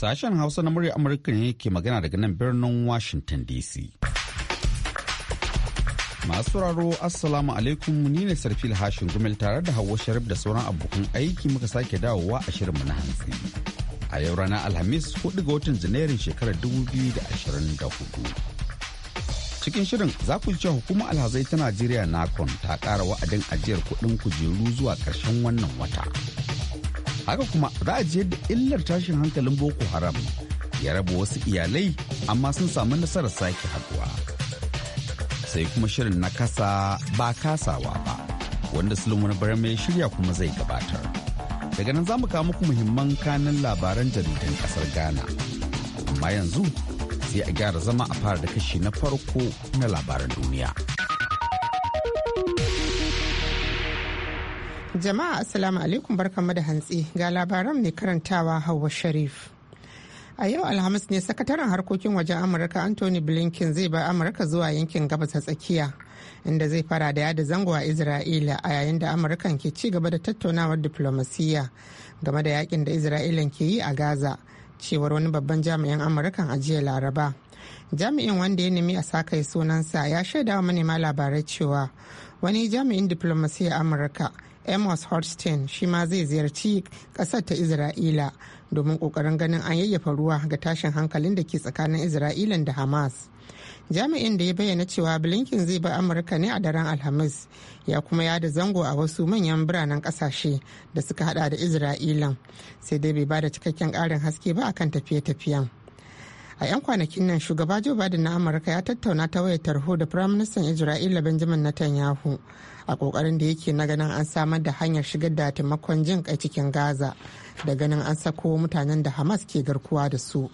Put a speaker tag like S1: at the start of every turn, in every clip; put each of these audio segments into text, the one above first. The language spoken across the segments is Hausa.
S1: Sashen Hausa na murya Amurka ne ke magana daga nan birnin Washington DC. Masu raro Assalamu alaikum ni ne Sarfil Hashin Gumel tare da Hauwa Sharif da sauran abokan aiki muka sake dawowa a shirinmu na hantsi. A yau rana Alhamis 4 ga watan Janairun shekarar 2024. cikin shirin za ku cewa hukumar alhazai ta najeriya nakon ta ƙara wa'adin ajiyar kuɗin kujeru zuwa ƙarshen wannan wata haka kuma za a ra'aji yadda illar tashin hankalin boko haram ya raba wasu iyalai amma sun samu nasarar sake haduwa sai kuma shirin na kasa ba kasawa ba wanda sulmuna barama mai shirya kuma zai gabatar daga nan za mu kawo muku muhimman kanan labaran jaridan kasar ghana amma yanzu sai a gyara zama a fara da kashi na farko na labaran duniya.
S2: Jama'a asalamu alaikum barkanmu da hantsi ga labaran mai karantawa Hauwa Sharif. A yau Alhamis ne sakataren harkokin wajen Amurka Anthony Blinken zai bar Amurka zuwa yankin gabas ta tsakiya inda zai fara da yada zango a Isra'ila a yayin da Amurkan ke ci gaba da tattaunawar diplomasiyya game da yakin da Isra'ilan ke yi a Gaza cewar wani babban jami'in Amurkan a jiya Laraba. Jami'in wanda ya nemi a sakai sunansa ya shaida manema labarai cewa wani jami'in diplomasiyya Amurka amos hochstein shi ma zai ziyarci ƙasar ta isra'ila domin kokarin ganin an yayyafa ruwa ga tashin hankalin da ke tsakanin isra'ila da hamas jami'in da ya bayyana cewa blinken zai ba amurka ne a daren alhamis ya kuma yada zango a wasu manyan biranen kasashe da suka hada da isra'ilan sai dai bai bada cikakken karin haske ba akan tafiye-tafiyen a 'yan kwanakin nan shugaba joe biden na amurka ya tattauna ta wayar tarho da firaministan isra'ila benjamin netanyahu a kokarin da yake na ganin an samar da hanyar shigar da taimakon jin kai cikin gaza da ganin an sako mutanen da hamas ke garkuwa da su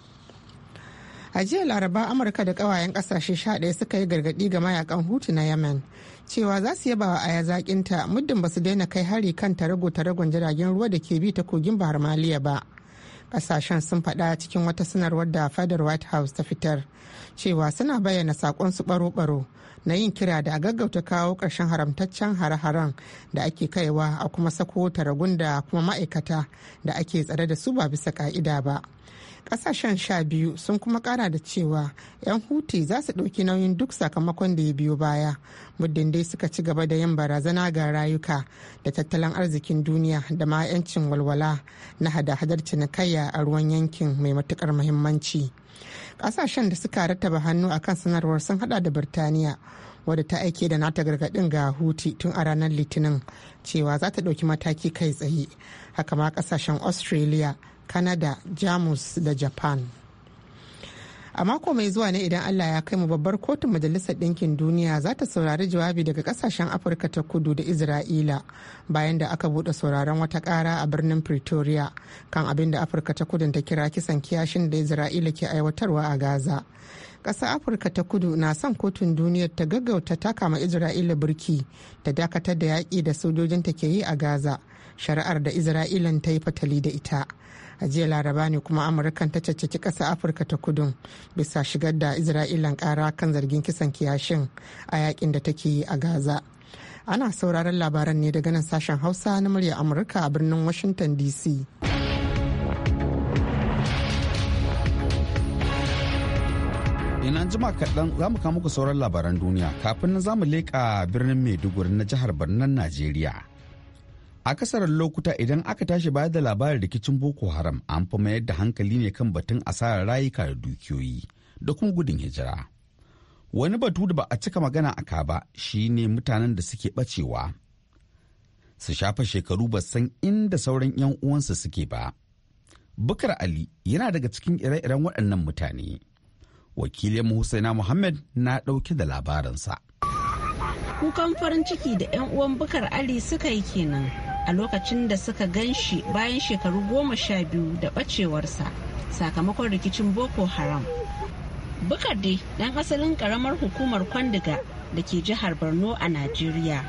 S2: a jiya laraba amurka da kawayen kasashe 11 suka yi gargadi ga mayakan hutu na yemen cewa za su yaba wa aya zakinta muddin ba su daina kai hari kan tarago-taragon jiragen ruwa da ke bi ta kogin bahar maliya ba kasashen sun faɗa cikin wata sanarwar da fadar white house ta fitar cewa suna bayyana saƙon su baro-baro na yin kira da a gaggauta kawo ƙarshen haramtaccen hare-haren da ake kaiwa a kuma sako taragun da kuma ma'aikata da ake tsare da su ba bisa ka'ida ba. ƙasashen sha biyu sun kuma kara da cewa 'yan huti za su ɗauki nauyin duk sakamakon da ya biyo baya muddin dai suka ci gaba da yin barazana ga rayuka da tattalin arzikin duniya da ma 'yancin walwala na hada-hadar cinikayya a ruwan yankin mai matukar muhimmanci. kasashen da suka rattaba hannu akan sanarwar sun hada da birtaniya wadda ta aike da nata gargadin ga huti tun a ranar litinin cewa za ta ɗauki mataki kai tsaye haka ma kasashen australia canada jamus da japan a mako mai zuwa ne idan allah ya kai mu babbar kotun majalisar ɗinkin duniya za ta saurari jawabi daga kasashen afirka ta kudu da isra'ila bayan da aka bude sauraron wata ƙara a birnin pretoria kan abin da afirka ta kudu ta kira kisan kiyashin da isra'ila ke aiwatarwa a gaza ƙasar afirka ta kudu na son kotun duniyar ta gaggauta taka ma isra'ila birki ta dakatar da yaƙi da sojojinta ke yi a gaza shari'ar da isra'ilan ta yi fatali da ita a jiya laraba ne kuma amurkan ta caccaki ƙasa afirka ta kudu bisa shigar da isra'ilan ƙara kan zargin kisan kiyashin a yakin da take yi a gaza ana sauraron labaran ne daga nan sashen hausa na murya amurka a birnin washington dc
S1: ina jima kaɗan za mu muku sauran labaran duniya kafin nan za mu leƙa birnin maiduguri na jihar birnin najeriya A kasarar lokuta idan aka tashi bayar da labarin rikicin boko haram an fi mayar da hankali ne kan batun asarar rayuka da dukiyoyi da kuma gudun hijira wani batu da ba a cika magana a ka ba shine mutanen da suke bacewa su shafa shekaru ba san inda sauran 'yan uwansu suke ba bukar ali yana daga cikin ire-iren waɗannan mutane wakilin husaina muhammad na ɗauke da labarinsa
S3: kukan farin ciki da 'yan uwan bukar ali suka yi kenan a lokacin da suka gan shi bayan shekaru goma sha biyu da ɓacewarsa sakamakon rikicin boko haram bukade dan asalin ƙaramar hukumar kwandiga da ke jihar borno a najeriya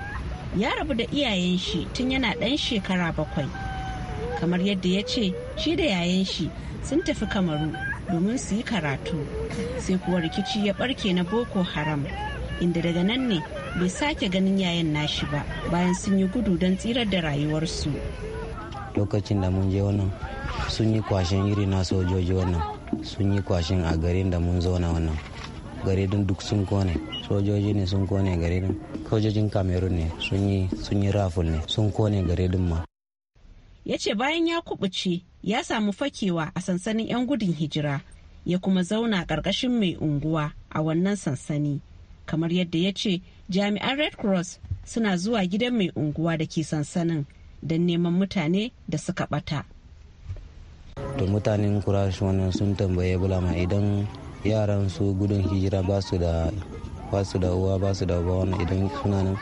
S3: ya rabu da iyayen shi tun yana dan shekara bakwai kamar yadda ya ce shi da yayan shi sun tafi kamaru domin su yi karatu sai kuwa rikici ya barke na boko haram inda daga nan ne bai sake ganin yayan nashi ba bayan sun yi gudu don tsirar da rayuwarsu
S4: lokacin da mun je wannan sun yi kwashen iri na sojoji wannan sun yi kwashen a garin da mun zauna wannan garin duk sun kone sojoji ne sun kone garin sojojin cameroon ne sun yi raful ne sun kone garin ma
S3: ya ce bayan ya kubuce ya samu fakewa a sansanin 'yan gudun hijira ya kuma zauna karkashin mai unguwa a wannan sansani kamar yadda ya ce jami'an red cross suna zuwa gidan mai unguwa da ke sansanin don neman mutane da suka bata
S4: to mutanen kurashi wannan sun tambaye bulama idan yaran su gudun hijira ba su da uwa ba su da uba wannan idan suna nan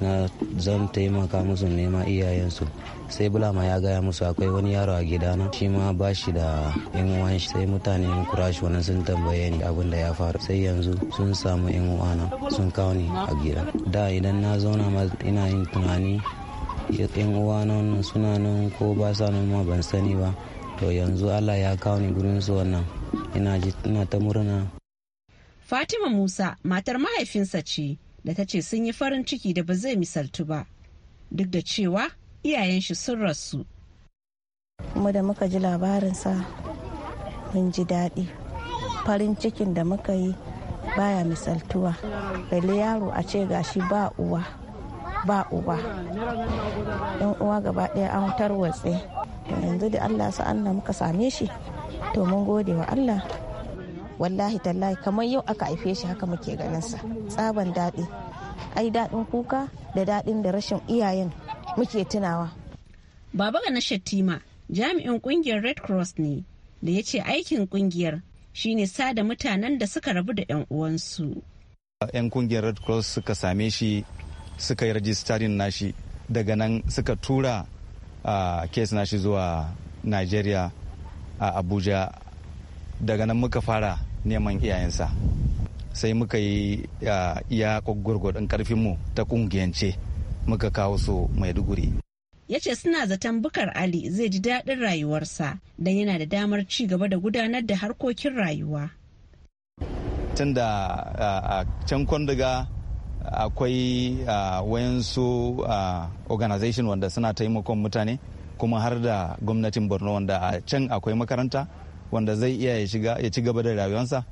S4: na zan taimaka musu nema iyayensu sai bulama ya gaya musu akwai wani yaro a gidana shi ma ba shi da yan uwan shi sai mutane kurashi wani sun tambaye ni abin da ya faru sai yanzu sun samu yan uwana sun kawo ni a gida da idan na zauna ma ina yin tunani yan uwana suna nan ko ba sa nan ma ban sani ba to yanzu allah ya kawo ni gurin su wannan ina ta murna
S3: fatima musa matar mahaifinsa ce da ta ce sun yi farin ciki da ba zai misaltu ba duk da cewa iyayen shi sun rasu kuma da muka ji labarinsa mun ji daɗi farin cikin da muka yi baya misaltuwa bale yaro a ce gashi ba uwa ba uba yan uwa gaba ɗaya an tarwatse yanzu da allah su allah muka same shi to mun gode wa allah wallahi tallahi kamar yau aka haife shi haka muke ganin sa tsaban daɗi ai daɗin kuka da daɗin da rashin iyayen muke tunawa baba na shattima jami'in kungiyar red cross ne da ya ce aikin kungiyar shine sada mutanen da suka rabu da 'yan uwansu
S5: 'yan kungiyar red cross suka same shi suka yi rajistarin nashi daga nan suka tura a ah, kes nashi zuwa nigeria a abuja daga nan muka fara neman iyayensa sai muka yi iya gwargwadon karfinmu ta kungiyance muka kawo su maiduguri
S3: ya ce suna zaton bukar ali zai ji daɗin rayuwarsa don yana da damar ci gaba da gudanar da harkokin rayuwa
S5: tun da a can kwandiga akwai wayansu organization wanda suna taimakon mutane kuma har da gwamnatin borno wanda a can akwai makaranta wanda zai iya ya shiga ya ci gaba da rayuwarsa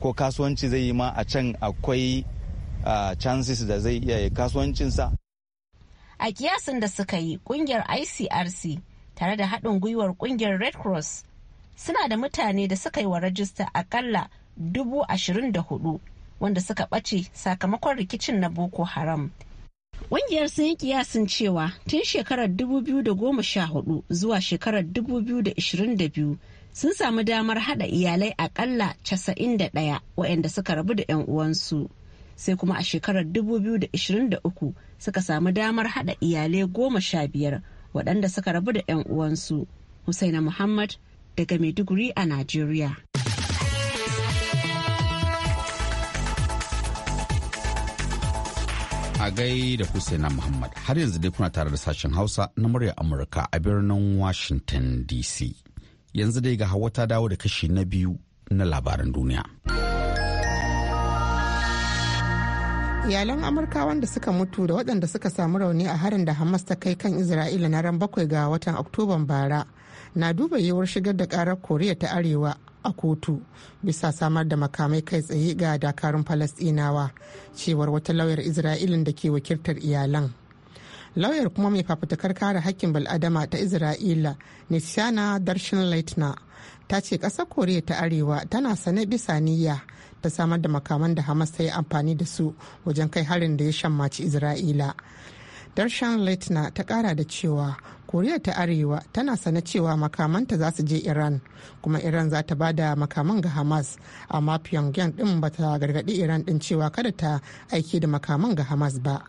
S5: ko kasuwanci zai yi ma a can akwai chances da zai iya ya kasuwancinsa
S3: a kiyasin da suka yi kungiyar icrc tare da haɗin gwiwar kungiyar red cross suna da mutane da suka yi wa rajista akalla dubu ashirin da hudu wanda suka ɓace sakamakon rikicin na boko haram Ƙungiyar sun yi kiyasin cewa tun shekarar 2014 zuwa shekarar 2022 sun samu damar hada iyalai akalla 91 waɗanda suka rabu da 'yan uwansu sai kuma a shekarar 2023 suka samu damar hada iyalai goma sha biyar waɗanda suka rabu da 'yan uwansu Husaina Muhammad daga Maiduguri a nigeria.
S1: a gai da Husaina Muhammad har yanzu dai kuna tare da sashen Hausa na murya Amurka a birnin Washington DC. yanzu dai ga hawa ta dawo da kashi na biyu na labaran duniya.
S2: iyalan amurka wanda suka mutu da waɗanda suka samu rauni a harin da hamas ta kai kan isra'ila na ran bakwai ga watan oktoban bara na duba yiwuwar shigar da karar koriya ta arewa a kotu bisa samar da makamai kai tsaye ga dakarun falasɗinawa cewar wata lauyar isra'ilin da ke wakiltar iyalan lauyar kuma mai fafutukar kare hakkin bil'adama ta isra'ila nishana darshin leitner ta ce ƙasar koriya ta arewa tana sane bisa niyya ta samar da makaman da hamas ta yi amfani da su wajen kai harin da ya shammaci isra'ila darshan leitner ta kara da cewa koriya ta arewa tana sane cewa makamanta za su je iran kuma iran za ta bada makaman ga hamas amma pyongyang din ba ta gargadi iran din cewa kada ta aiki da makaman ga hamas ba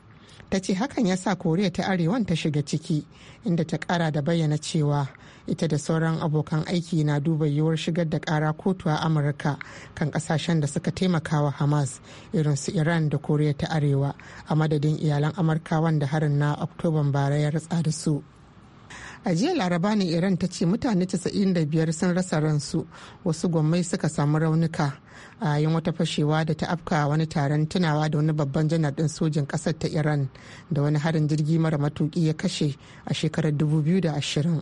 S2: ta ce hakan ya sa koriya ta arewan ta shiga ciki inda ta kara da bayyana cewa ita da sauran abokan aiki na duba yiwuwar shigar da kara kotu a amurka kan kasashen da suka taimakawa hamas irin su iran da koriya ta arewa a madadin iyalan amurka wanda harin na oktoban bara ya ratsa da su a jiya laraba ne iran ta ce mutane 95 sun rasa ransu wasu gwammai suka samu raunuka a yayin wata fashewa da ta afka wani taron tunawa da wani babban janar din sojin kasar ta iran da wani harin jirgi mara matuki ya kashe a shekarar 2020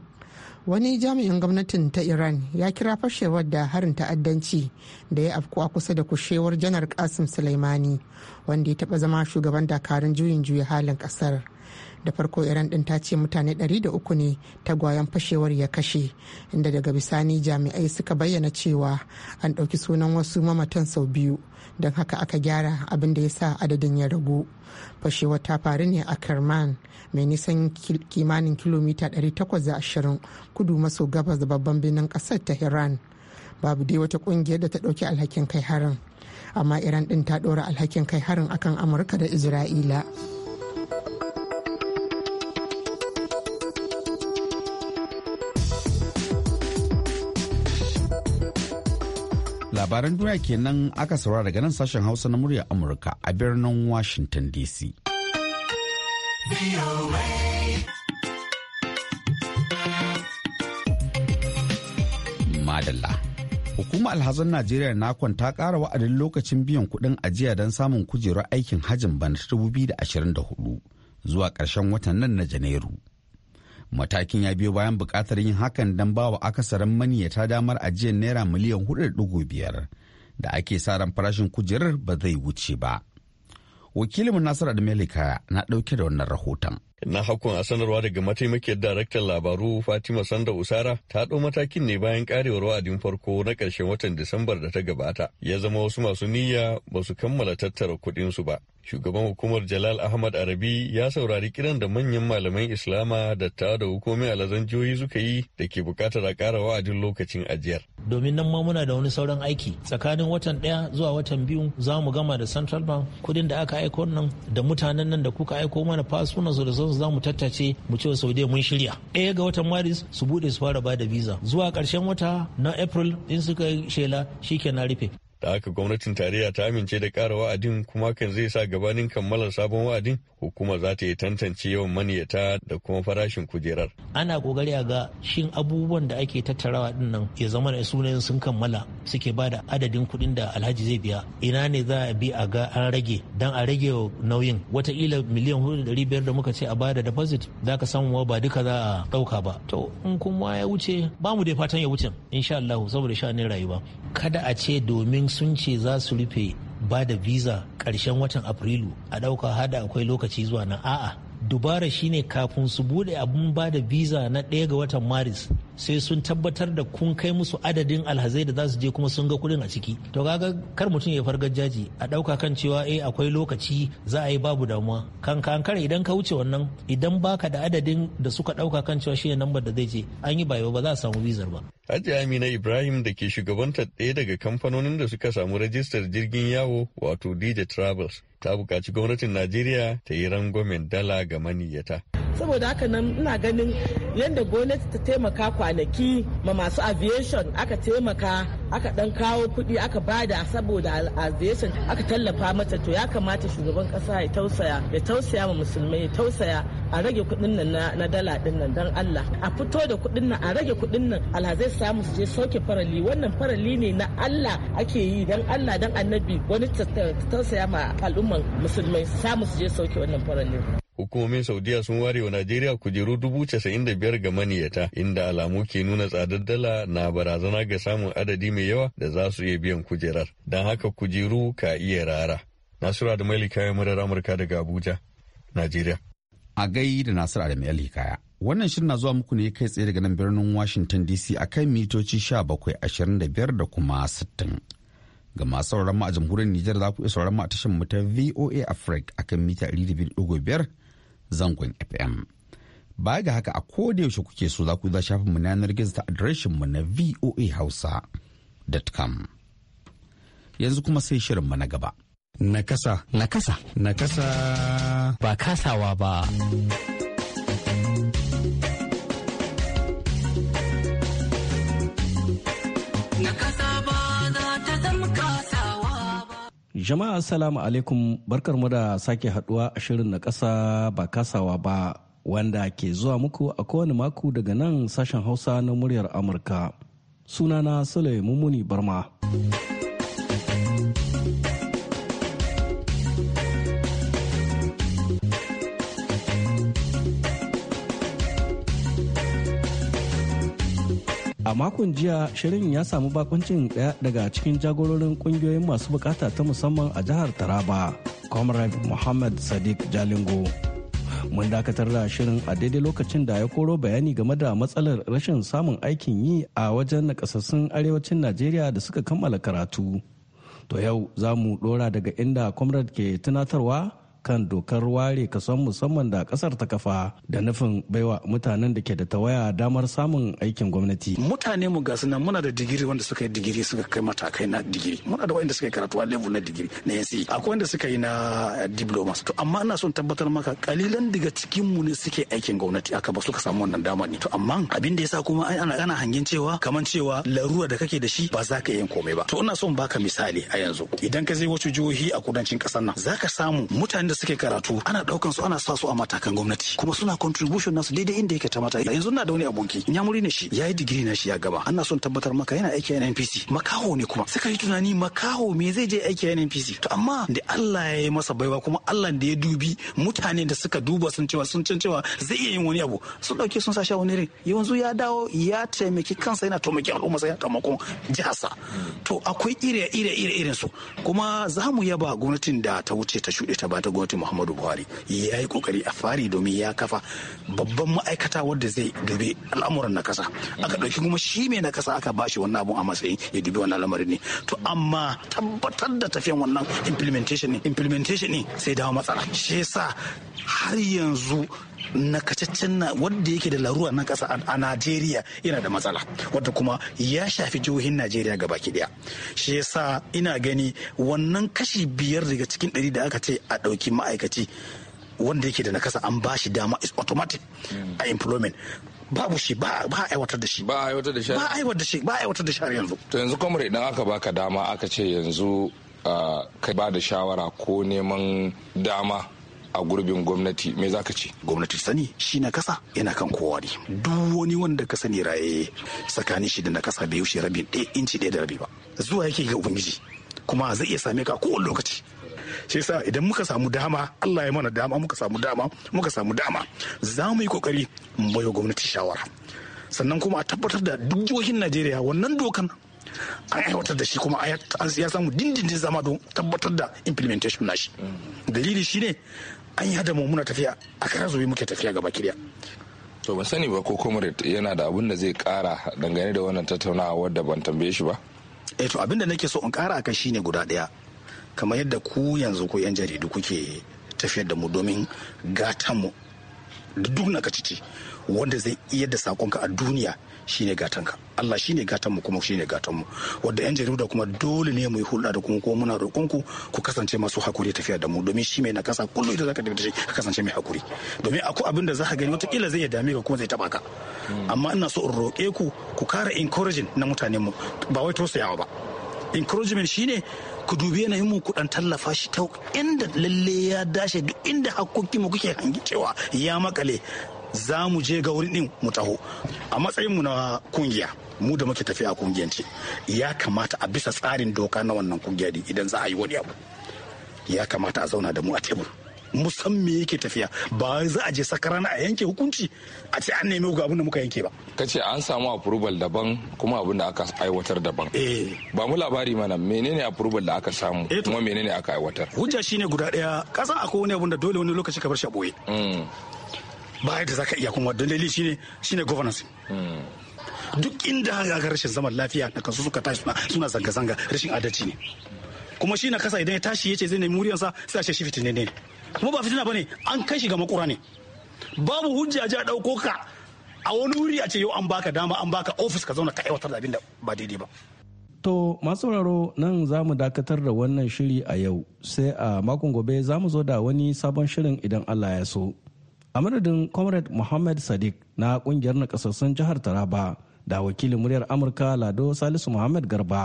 S2: wani jami'in gwamnatin ta iran ya kira fashewar da harin ta'addanci da ya afku a kusa da kushewar janar kasim sulaimani wanda ya taba zama shugaban dakarun juyin juya halin kasar. da farko iran din ta ce mutane 300 ne tagwayen fashewar ya kashe inda daga bisani jami'ai suka bayyana cewa an ɗauki sunan wasu mamatan sau biyu don haka aka gyara abin da ya sa adadin ya ragu fashewar ta faru ne a kerman mai nisan kimanin kilomita 820 kudu maso gabas da babban birnin ta iran babu dai wata kungiyar da ta ɗauki alhakin kai harin amma iran ɗin ta ɗora alhakin kai harin akan amurka da isra'ila
S1: labaran duniya kenan aka saurara daga nan sashen hausa na muryar amurka a birnin washington dc madalla hukuma alhazan najeriya nakon ta kara wa'adin lokacin biyan kuɗin ajiya don samun kujerar aikin hajjin bana 2024 zuwa ƙarshen watan nan na janairu matakin ya biyo bayan bukatar yin hakan don ba wa akasarin maniyyata damar ajiyar naira miliyan 4.5 da ake sa ran farashin kujerar ba zai wuce ba wakilin nasiru da na ɗauke da wannan rahoton
S6: na hakon a sanarwa daga mataimakiyar daraktan labaru fatima sanda usara ta ɗau matakin ne bayan karewar wa'adin farko na ƙarshen watan disambar da ta gabata ya zama wasu masu niyya ba su kammala tattara kuɗinsu ba shugaban hukumar jalal ahmad arabi ya saurari kiran da manyan malaman islama da ta da hukumomi lazan jihohi suka yi da ke buƙatar a ƙara wa'adin lokacin ajiyar
S7: domin nan ma muna da wani sauran aiki tsakanin watan ɗaya zuwa watan biyu za mu gama da central bank kuɗin da aka aiko nan da mutanen nan da kuka aiko mana fasunan su da sauransu za mu tattace mu ce saudiya mun shirya ɗaya ga watan maris su bude su fara bada da visa zuwa ƙarshen wata na april in suka shela shi ke na rufe
S6: da haka gwamnatin tarayya ta amince da ƙara wa'adin kuma kan zai sa gabanin kammala sabon wa'adin hukuma za ta yi tantance yawan maniyata da kuma farashin kujerar.
S7: Ana kokari a ga shin abubuwan da ake tattarawa din nan ya zama da sunayen sun kammala suke ba da adadin kuɗin da alhaji zai biya ina ne za a bi a ga an rage dan a rage nauyin wataƙila miliyan hudu da biyar da muka ce a bada deposit za ka samu ba duka za a ɗauka ba to in kuma ya wuce ba mu dai fatan ya wuce insha Allah saboda sha'anin rayuwa kada a ce domin sun ce za su rufe ba da visa ƙarshen watan afrilu a ɗauka hada akwai lokaci zuwa na a'a dubara shine kafin su bude abun ba da visa na ɗaya ga watan maris sai sun tabbatar da kun kai musu adadin alhazai da za su je kuma sun ga kudin a ciki to kaga kar mutum ya farga jaji a ɗauka kan cewa eh akwai lokaci za a yi babu damuwa kan kankar idan ka wuce wannan idan baka da adadin da suka ɗauka kan cewa shine lambar da zai je an yi bayo ba za a samu bizar ba
S6: hajji Amina Ibrahim da ke shugabantar ɗaya daga kamfanonin da suka samu rajistar jirgin yawo wato DJ Travels ta bukaci gwamnatin Najeriya ta yi rangwamen dala ga maniyyata.
S7: saboda haka nan ina ganin yadda gwamnati ta taimaka kwanaki ma masu aviation aka taimaka aka dan kawo kuɗi aka bada saboda aviation aka tallafa mata to ya kamata shugaban kasa ya tausaya ya tausaya ma musulmai ya tausaya a rage kuɗin nan na dala din nan dan Allah a fito da kuɗin nan a rage kuɗin nan alhazai samu su je sauke farali wannan farali ne na Allah ake yi dan Allah dan annabi wani tausaya ma al'umma musamman musulmai samu su je sauke wannan ne.
S6: hukumomin saudiya sun ware wa najeriya kujeru dubu casa'in da biyar ga maniyata inda alamu ke nuna tsadar dala na barazana ga samun adadi mai yawa da za su iya biyan kujerar don haka kujeru ka iya rara nasura da maili kayan murar amurka daga abuja najeriya a gai da nasura da maili kaya
S1: wannan shirin na zuwa muku ne kai tsaye daga nan birnin washington dc a kan mitoci sha 1725 da kuma 60 Ga masu sauran mu a jamhuriyar Nijar za ku iya sauran mu a tashar mu ta VOA Africa akan mita 200.5 zangon FM. Baya ga haka a koda yaushe kuke so za ku za shafin mu na yanar gizo ta adireshin mu na voahausa.com. Yanzu kuma sai shirin mu na gaba. Nakasa. Nakasa. Nakasa. Ba kasawa ba.
S8: Jama'a assalamu alaikum barkar mu da sake haduwa a shirin na kasa ba kasawa ba wanda ke zuwa muku a kowane mako daga nan sashen Hausa na muryar Amurka. Sunana Sule Mumuni Barma. a makon jiya shirin ya samu bakuncin daya daga cikin jagororin kungiyoyin masu bukata ta musamman a jihar taraba comrade muhammad sadiq jalingo mun dakatar da shirin a daidai lokacin da ya koro bayani game da matsalar rashin samun aikin yi a wajen nakasassun arewacin najeriya da suka kammala karatu to yau za mu dora daga inda comrade ke tunatarwa kan dokar ware kason musamman da kasar ta kafa da nufin baiwa mutanen da ke da tawaya damar samun aikin gwamnati.
S5: Mutane mu ga suna muna da digiri wanda suka yi digiri suka kai matakai na digiri. Muna da wanda suka yi karatu a level na digiri na NC. Akwai wanda suka yi na eh, diploma. To amma ina son tabbatar maka kalilan daga cikin mu ne suke aikin gwamnati aka ba suka samu wannan dama ne. To amma abin da yasa kuma ana ana hangen cewa kaman cewa laruwa da kake da shi ba za ka yi komai ba. To ina son baka misali a yanzu. Idan ka je wasu jihohi a kudancin kasar nan za ka samu mutane da suke karatu ana daukan su ana sa su a matakan gwamnati kuma suna contribution nasu daidai inda yake tamata mata yanzu na da wani aboki nyamuri ne shi ya yi digiri na shi ya gaba ana son tabbatar maka yana aiki a NPC makaho ne kuma suka yi tunani makaho me zai je aiki a NPC to amma da Allah ya yi masa baiwa kuma Allah da ya dubi mutane da suka duba sun cewa sun can cewa zai iya yin wani abu sun dauke sun sa shi wani rin yanzu ya dawo ya taimaki kansa yana taimaki al'umma sai ya taimakon jihasa to akwai ire ire ire irin su kuma za mu yaba gwamnatin da ta wuce ta shude ta ta gwamnati muhammadu buhari ya yi kokari a fari domin ya kafa babban ma'aikata wanda zai dubi al'amuran na kasa aka ɗauki kuma shi mai na kasa aka bashi wannan abun a matsayin ya dube wannan lamarin ne to amma tabbatar da tafiyan wannan implementation ne implementation ne sai dawo matsala shi yasa har yanzu nakacaccen na wanda yake da larura na kasa a Najeriya yana da matsala wadda kuma ya shafi jihohin Najeriya gaba ki daya shi yasa ina gani wannan kashi biyar daga cikin ɗari da aka ce a ɗauki ma'aikaci wanda yake da nakasa an bashi dama is automatic a employment babu shi ba a aiwatar da shi ba a
S8: aiwatar da shi ba a aiwatar da shi ba a aiwatar da shi yanzu
S5: to yanzu kuma idan aka baka dama aka ce yanzu ah, kai ba da shawara ko neman dama a gurbin gwamnati me za ka ce gwamnati sani shi na kasa yana kan kowa ne duk wani wanda ka sani raye tsakanin shi da na kasa bai wuce rabin ɗaya inci ɗaya da rabi ba zuwa yake ga ubangiji kuma zai iya same ka kowane lokaci shi yasa idan muka samu dama Allah ya mana dama muka samu dama muka samu dama za mu yi kokari mu bayo gwamnati shawara sannan kuma a tabbatar da duk jihohin Najeriya wannan dokan an aiwatar da shi kuma a ya samu dindindin zama don tabbatar da implementation nashi dalili shine an yi hada muna tafiya a kara zubi muke tafiya gaba kiriya to ban sani ba ko comrade yana da abin da zai kara dangane da wannan tattaunawa wadda ban tambaye shi ba eh to abin da nake so in kara akan shine guda daya kamar yadda ku yanzu ko yan jaridu kuke tafiyar da mu domin gatan mu duk na kacici wanda zai iya da sakonka a duniya shine gatanka Allah shine gatan mu kuma shine gatan mu wanda yan jarida kuma dole ne mu yi hulɗa da kuma ko muna roƙon ku ku kasance masu hakuri tafiya da mu domin shi mai nakasa kullum idan zaka tafi da shi ka kasance mai hakuri domin akwai abin da zaka gani watakila zai dame ka kuma zai taba ka hmm. amma ina so in roƙe ku ku kara encouraging na mutanen mu ba wai tausayawa ba encouragement shine ku dubi yanayin mu ku dan tallafa shi ta inda lalle ya dace duk inda hakkokin mu kuke hangi cewa ya makale za mu je ga wurin din mu taho a matsayin mu na kungiya mu da muke tafiya a kungiyance ya kamata a bisa tsarin doka na wannan kungiya din idan za a yi wani abu ya kamata a zauna da mu a tebur musamman me yake tafiya ba za a je sakarana a yanke hukunci a ce an nemi ga abin da muka yanke ba ka ce an samu approval daban kuma abin da aka aiwatar daban eh. ba mu labari mana menene approval da aka samu eh kuma menene aka aiwatar hujja shine guda daya kasan akwai wani abin da dole wani lokaci ka bar shi a boye mm. ba yadda za ka iya kuma don dalili shine shine governance duk inda ga rashin zaman lafiya da kasu suka tashi suna zanga-zanga rashin adalci ne kuma shi na kasa idan ya tashi ya ce zai nemi muryansa sai a ce shi fitina ne kuma ba fitina bane an kai shi ga makura ne babu hujja ji a ɗauko ka a wani wuri a ce yau an baka dama an baka ofis ka zauna ka aiwatar da abin da ba daidai ba
S8: To masu sauraro nan za mu dakatar da wannan shiri a yau sai a makon gobe za mu zo da wani sabon shirin idan Allah ya so. a madadin comrade Mohammed sadiq na kungiyar nakasassun jihar taraba da wakilin muryar amurka lado salisu Mohammed garba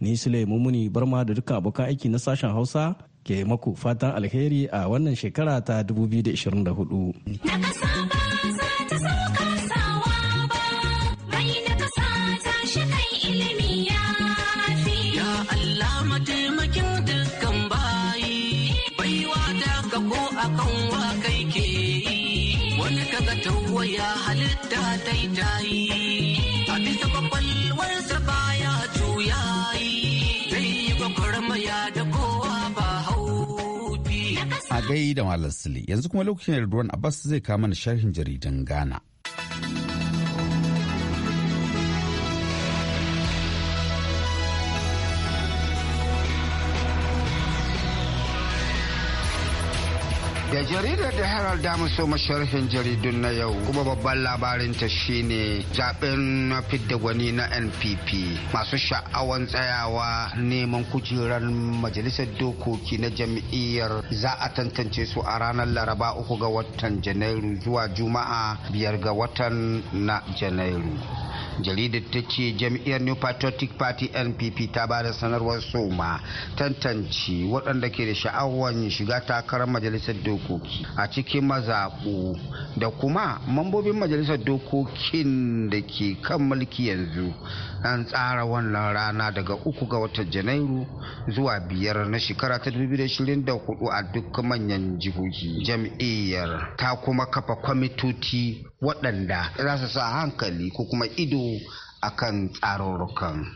S8: ni sule mumuni barma da dukkan abokan aiki na sashen hausa ke maku fatan alheri a wannan shekara ta
S3: 2024
S1: gai da Malam Yanzu kuma lokacin Ridwan Abbas zai kama na sharhin jaridan Ghana.
S9: Da jaridar da Herald damar so masharhin jaridun na yau kuma babban labarinta shine zaben na fidda gwani na NPP masu sha'awan tsayawa neman kujerar majalisar dokoki na jam'iyyar za a tantance su a ranar Laraba uku ga watan Janairu zuwa Juma'a biyar ga watan na Janairu. jaridar ta ce jam'iyyar new patriotic party npp ta ba da sanarwar soma tantance waɗanda ke da sha'awar shiga takarar majalisar dokoki a cikin mazaɓu da kuma mambobin majalisar dokokin da ke kan mulki yanzu an tsara wannan rana daga uku ga watan janairu zuwa biyar na shekara ta 2024 a duk manyan jihohi jam'iyyar ta kuma kafa kwamitoci waɗanda za su sa hankali ko kuma ido kan tsarurrukan.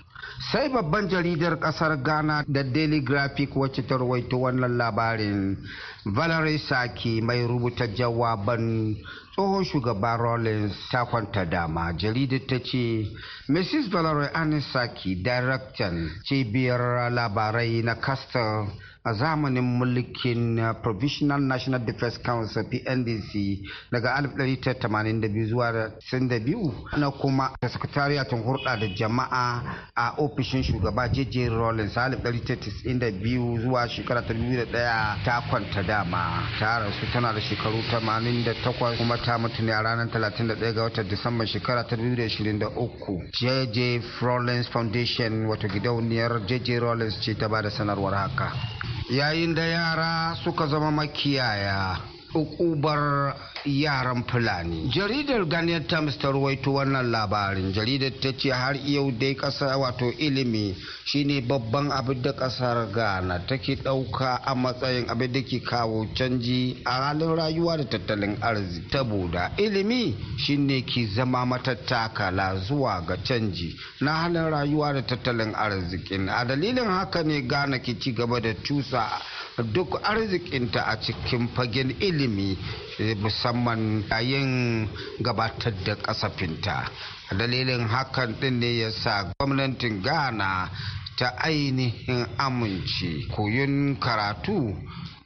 S9: sai babban jaridar ƙasar ghana da daily graphic wacce ta rawaito wannan labarin valerie saki mai rubuta jawaban tsohon shugaban rollins ta kwanta dama jaridar ta ce mrs valerie anisaki daraktan cibiyar labarai na castle a zamanin mulkin uh, provisional national defense council pndc daga 1982 zuwa 1992 na kuma da tun hurɗa da jama'a a ofishin shugaba jj rollins 1992 zuwa shekara 2001 ta kwanta dama ta rasu tana da shekaru 88 kuma ta mutu ne a ranar 31 ga watan disamba shekara 2023 jj rollins foundation wato gidauniyar jj rollins ce ta ba da sanarwar haka yayin da yara suka zama makiyaya ukubar yaran fulani jaridar ganiyar times ta ruwaito wannan labarin jaridar ta ce har yau dai kasa wato ilimi shine babban abin da kasar ghana take dauka a matsayin abin da ke kawo canji a halin rayuwa da tattalin arziki ta buda ilimi shine ki zama matattakala zuwa ga canji na halin rayuwa da tattalin arzikin a dalilin haka ne ghana ke ci gaba da cusa duk arzikinta a cikin fagen ilimi Eh, musamman yayin gabatar da kasafinta dalilin hakan din ne ya sa gwamnatin ghana ta ainihin amince koyon karatu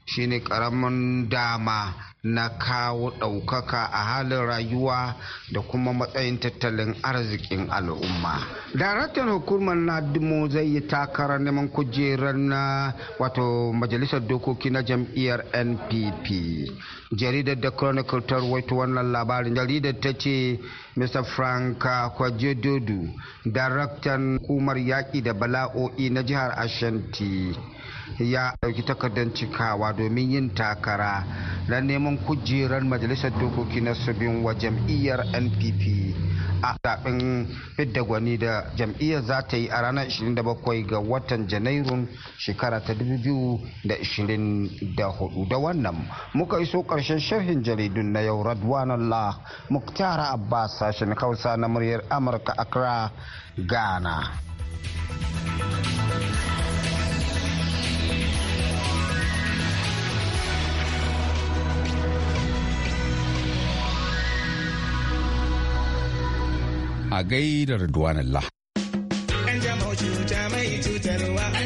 S9: shine karamin dama na kawo ɗaukaka a halin rayuwa da kuma matsayin tattalin arzikin al'umma. daraktan hukumar nadimo zai yi takarar neman kujerar na wato majalisar dokoki na jam'iyyar npp jaridar da chronicle ta wannan labarin jaridar ta ce mr frank kwajedodu daraktan hukumar yaƙi da bala'o'i na jihar ashanti ya ɗauki takardar cikawa domin yin takara na neman kujerar majalisar dokoki na subin wa jam'iyyar npp a zaɓen fidda gwani da jam'iyyar za ta yi a ranar 27 ga watan janairun shekara ta 2024 da wannan muka iso ƙarshen sharhin jaridun na yau Radwanullah Muktara Abbas sashen Hausa na muryar Amurka Accra, Ghana.
S1: A gaidar Radwanullah.
S10: An cuta mai cutarwa.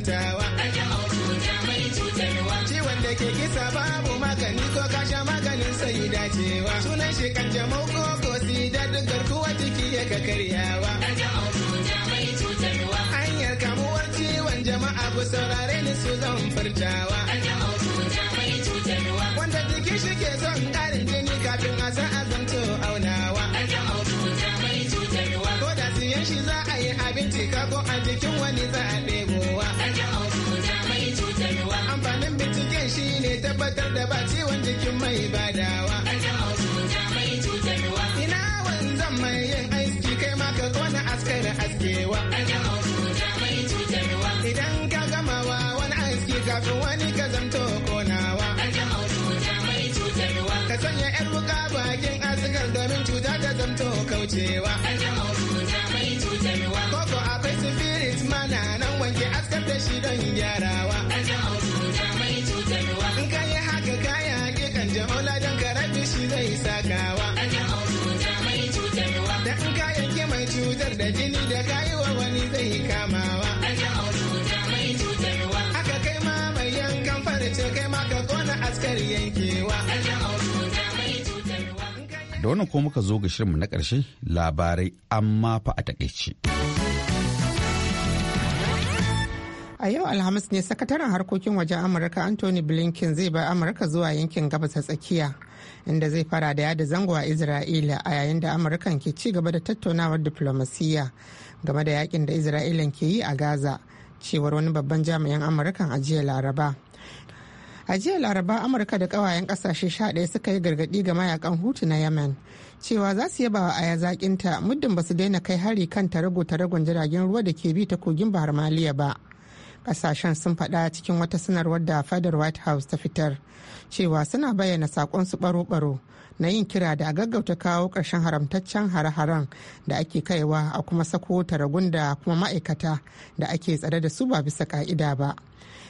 S10: hutawa ciwon da ke kisa babu magani ko kasha maganin sai dacewa sunan shi kanjamau ko ko sida duk garkuwa jiki ya ka karyawa hanyar kamuwar ciwon jama'a ku saurare ni su zan furtawa wanda jiki shi ke son karin jini kafin a san azanto aunawa ko da siyan shi za a yi abinci kako a jikin wani za a warkar da ba ciwon jikin mai badawa ina wanzan mai yin aiki kai ma ka kona askar askewa idan ka gamawa wani aiki kafin wani ka zamto konawa ka sanya yar wuka bakin askar domin cuta ta zamto kaucewa koko akwai spirit mana nan wanke askar da shi don gyarawa Jamau ladan karabi shi zai sakawa. Da in ka yanke mai cutar da jini da kayiwa wani zai kamawa. Aka kai ma mai yankan farce kai ma ka kona askar yankewa.
S1: Da wannan ko muka zo ga shirinmu na ƙarshe labarai amma fa a takaice.
S2: A yau Alhamis ne sakataren harkokin wajen Amurka Anthony Blinken zai bar Amurka zuwa yankin gabas ta tsakiya inda zai fara da yada zango a Isra'ila a yayin da Amurkan ke ci gaba da tattaunawar diflomasiyya game da yakin da isra'ila ke yi a Gaza cewar wani babban jami'in Amurkan a jiya Laraba. a jiya laraba amurka da kawayen kasashe 11 suka yi gargadi ga mayakan hutu na yemen cewa za su yaba wa aya zakinta muddin ba su daina kai hari kan tarago-taragon jiragen ruwa da ke bi ta kogin bahar maliya ba kasashen sun faɗa cikin wata sanarwar da fadar white house ta fitar cewa suna bayyana saƙon su baro-baro na yin kira da a gaggauta kawo ƙarshen haramtaccen hare-haren da ake kaiwa a kuma sako ragunda kuma ma'aikata da ake tsare da su ba bisa ka'ida ba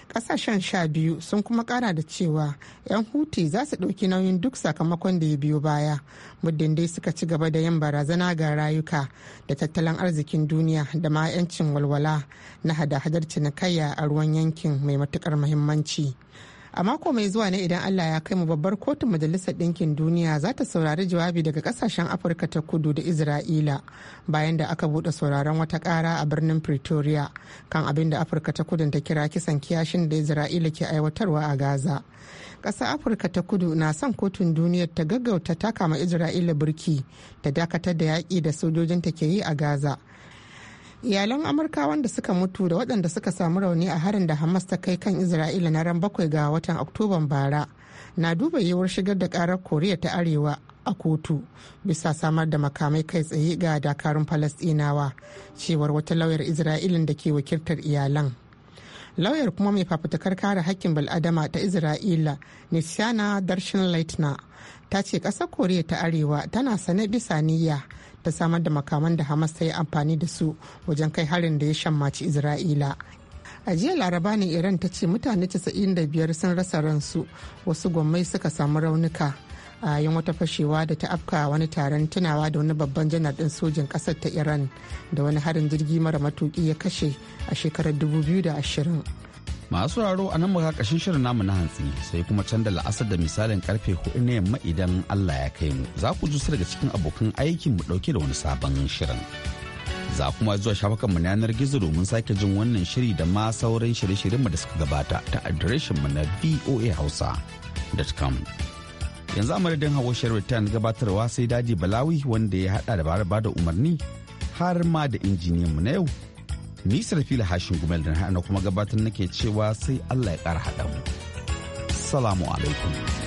S2: kasashen sha biyu sun kuma ƙara da cewa 'yan huti za su ɗauki nauyin duk sakamakon da ya biyo baya muddin dai suka ci gaba da yin barazana ga rayuka da tattalin arzikin duniya da ma 'yancin walwala na hada-hadar cinikayya a ruwan yankin mai matukar muhimmanci. a mako mai zuwa ne idan allah ya kai mu babbar kotun majalisar ɗinkin duniya za ta saurari jawabi daga ƙasashen afirka ta kudu da isra'ila bayan da aka buɗe sauraron wata ƙara a birnin pretoria kan abin da afirka ta kudu ta kira kisan kiyashin da isra'ila ke aiwatarwa a gaza ƙasar afirka ta kudu na son kotun duniya ta gaggauta taka ma isra'ila birki ta dakatar da yaƙi da sojojinta ke yi a gaza iyalan Amurkawa da suka mutu da waɗanda suka samu rauni a harin da hamas ta kai kan isra'ila na ran bakwai ga watan oktoban bara na duba yiwuwar shigar da karar koriya ta arewa a kotu bisa samar da makamai kai tsaye ga dakarun falasɗinawa cewar wata lauyar isra'ilin da ke wakiltar iyalan lauyar kuma mai fafutukar kare hakkin bil'adama ta isra'ila nishana darshin leitner ta ce ƙasar koriya ta arewa tana sane bisa niyya ta samar da makaman da hamas ta yi amfani da su wajen kai harin da ya shammaci isra'ila a jiya laraba ne iran ta ce mutane 95 sun rasa ransu wasu gwammai suka samu raunuka a yin wata fashewa da ta afka wani taron tunawa da wani babban janar din sojin kasar ta iran da wani harin jirgi mara matuki ya kashe a shekarar 2020
S1: masu raro a nan muka kashin shirin namu na hantsi sai kuma can la'asar da misalin karfe hudu na yamma idan Allah ya kai mu za ku ji daga cikin abokan aikin mu dauke da wani sabon shirin za kuma zuwa mu na yanar gizo domin sake jin wannan shiri da ma sauran shirye-shiryenmu da suka gabata ta adireshin mu na voahausa.com yanzu amadadin hawa shirin ta gabatarwa sai daji balawi wanda ya hada da bara da umarni har ma da injiniyan mu na yau ni sarfila hashin gumel da na kuma gabatar nake cewa sai allah ya ƙara haɗa mu salamu alaikum